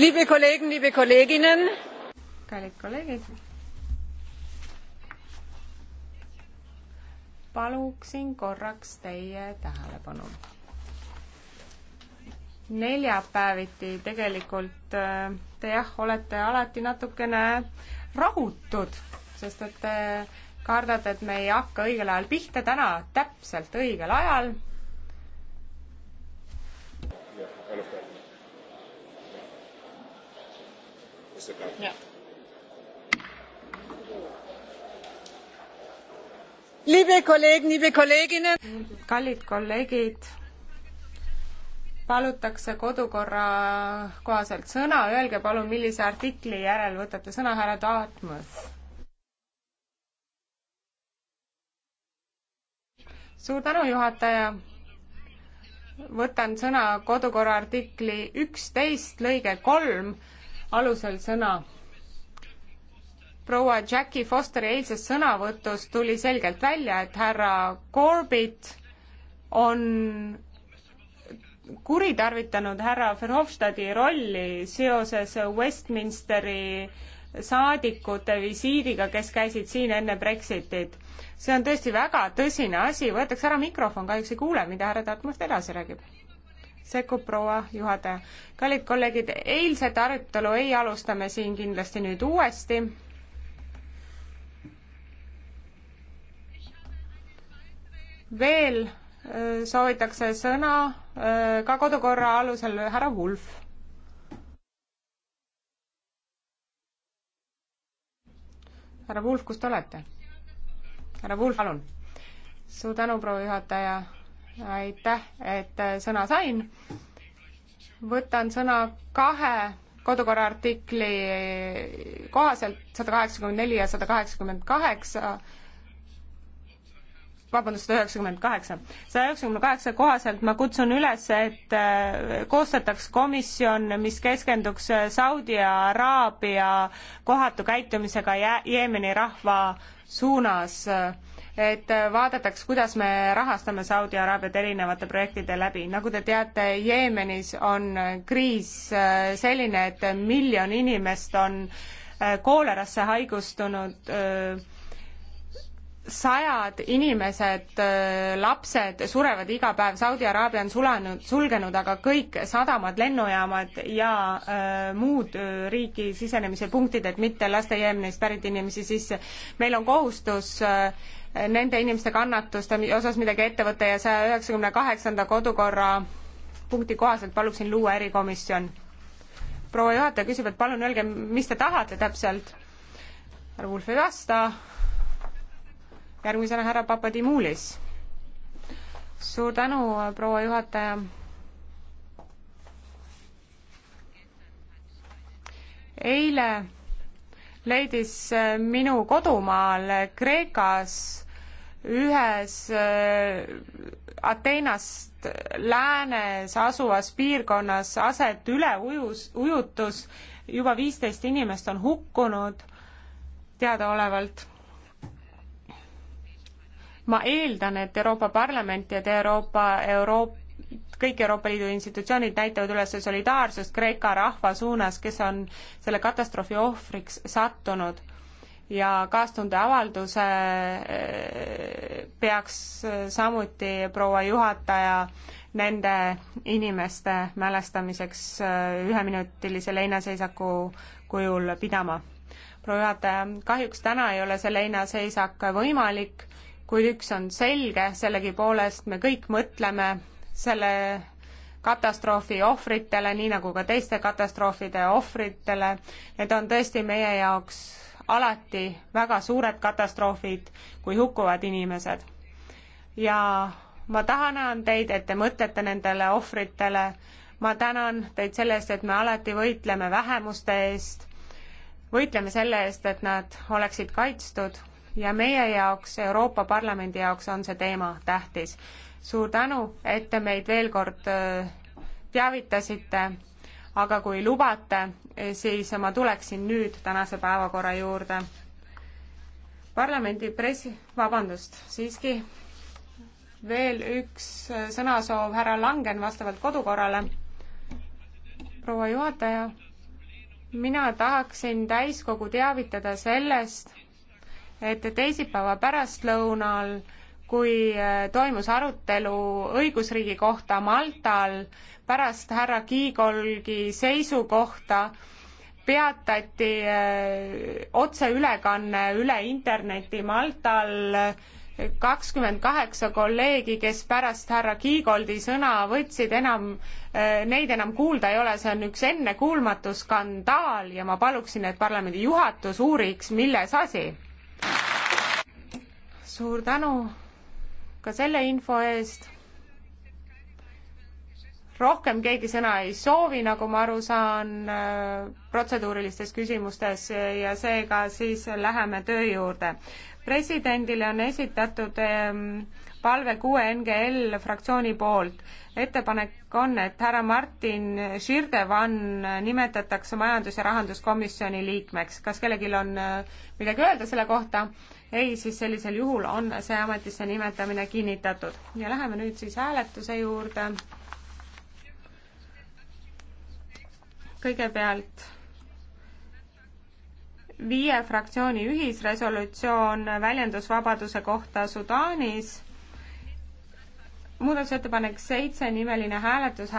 liebe Kollegen, liebe Kolleginnen. kallid kolleegid. paluksin korraks teie tähelepanu. neljapäeviti tegelikult äh, te jah, olete alati natukene rahutud, sest et te kardate, et me ei hakka õigel ajal pihta, täna täpselt õigel ajal Mr. Carter. Yeah. Liebe Kollegen, liebe Kolleginnen. kallid kolleegid, palutakse kodukorra kohaselt sõna, öelge palun, millise artikli järel võtate sõna, härra Taatmas? suur tänu, juhataja võtan sõna kodukorra artikli üksteist lõige kolm alusel sõna. proua Jackie Fosteri eilsest sõnavõtust tuli selgelt välja, et härra Corbett on kuritarvitanud härra Verhofstadti rolli seoses Westminsteri saadikute visiidiga, kes käisid siin enne Brexitit. see on tõesti väga tõsine asi, võetakse ära mikrofon, kahjuks ei kuule, mida härra Tartmast edasi räägib sekkub proua juhataja. kallid kolleegid, eilset arutelu ei alusta me siin kindlasti nüüd uuesti. veel äh, soovitakse sõna äh, ka kodukorra alusel härra Wulf. härra Wulf, kus te olete? härra Wulf, palun. suur tänu, proua juhataja aitäh, et äh, sõna sain. võtan sõna kahe kodukorra artikli kohaselt, sada kaheksakümmend neli ja sada kaheksakümmend kaheksa, vabandust, sada üheksakümmend kaheksa. saja üheksakümne kaheksa kohaselt ma kutsun üles, et äh, koostataks komisjon, mis keskenduks äh, Saudi Araabia kohatu käitumisega Jeemeni rahva suunas et vaadataks, kuidas me rahastame Saudi Araabiat erinevate projektide läbi. nagu te teate, Jeemenis on kriis äh, selline, et miljon inimest on äh, koolerasse haigustunud öö, äh, sajad inimesed, äh, lapsed surevad iga päev, Saudi Araabia on sulanud, sulgenud aga kõik sadamad, lennujaamad ja äh, muud äh, riigi sisenemise punktid, et mitte lasta Jeemenist pärit inimesi sisse. meil on kohustus äh, nende inimeste kannatuste osas midagi ette võtta ja saja üheksakümne kaheksanda kodukorra punkti kohaselt paluksin luua erikomisjon. proua juhataja küsib, et palun öelge, mis te tahate täpselt. härra Wulf ei vasta järgmisena härra Papadimulis. suur tänu, proua juhataja. eile leidis äh, minu kodumaal äh, Kreekas ühes äh, Ateenast läänes asuvas piirkonnas aset üleujus, ujutus, juba viisteist inimest on hukkunud teadaolevalt ma eeldan, et Euroopa Parlament ja Euroopa, Euroop-, kõik Euroopa Liidu institutsioonid näitavad üles solidaarsust Kreeka rahva suunas, kes on selle katastroofi ohvriks sattunud. ja kaastundeavalduse eh, peaks samuti proua juhataja nende inimeste mälestamiseks eh, üheminutilise leinaseisaku kujul pidama. proua juhataja, kahjuks täna ei ole see leinaseisak võimalik kuid üks on selge, sellegipoolest me kõik mõtleme selle katastroofi ohvritele, nii nagu ka teiste katastroofide ohvritele. Need on tõesti meie jaoks alati väga suured katastroofid, kui hukkuvad inimesed. ja ma tänan teid, et te mõtlete nendele ohvritele. ma tänan teid selle eest, et me alati võitleme vähemuste eest, võitleme selle eest, et nad oleksid kaitstud ja meie jaoks, Euroopa Parlamendi jaoks on see teema tähtis. suur tänu, et te meid veel kord äh, teavitasite, aga kui lubate, siis ma tuleksin nüüd tänase päevakorra juurde. parlamendi pressi, vabandust, siiski veel üks äh, sõnasoov härra Langen vastavalt kodukorrale. proua juhataja, mina tahaksin täiskogu teavitada sellest, et teisipäeva pärastlõunal, kui äh, toimus arutelu õigusriigi kohta Maltal pärast härra Kiigolgi seisukohta, peatati äh, otseülekanne üle interneti Maltal äh, kakskümmend kaheksa kolleegi, kes pärast härra Kiigoldi sõna võtsid, enam, neid enam kuulda ei ole, see on üks ennekuulmatu skandaal ja ma paluksin, et parlamendi juhatus uuriks, milles asi suur tänu ka selle info eest rohkem keegi sõna ei soovi, nagu ma aru saan äh, protseduurilistes küsimustes äh, ja seega siis läheme töö juurde. presidendile on esitatud ähm, palve kuue NGL fraktsiooni poolt. ettepanek on, et härra Martin Širdevan nimetatakse majandus- ja rahanduskomisjoni liikmeks. kas kellelgi on äh, midagi öelda selle kohta? ei, siis sellisel juhul on see ametisse nimetamine kinnitatud. ja läheme nüüd siis hääletuse juurde kõigepealt viie fraktsiooni ühisresolutsioon väljendusvabaduse kohta Sudaanis. muudatusettepanek seitse, nimeline hääletus.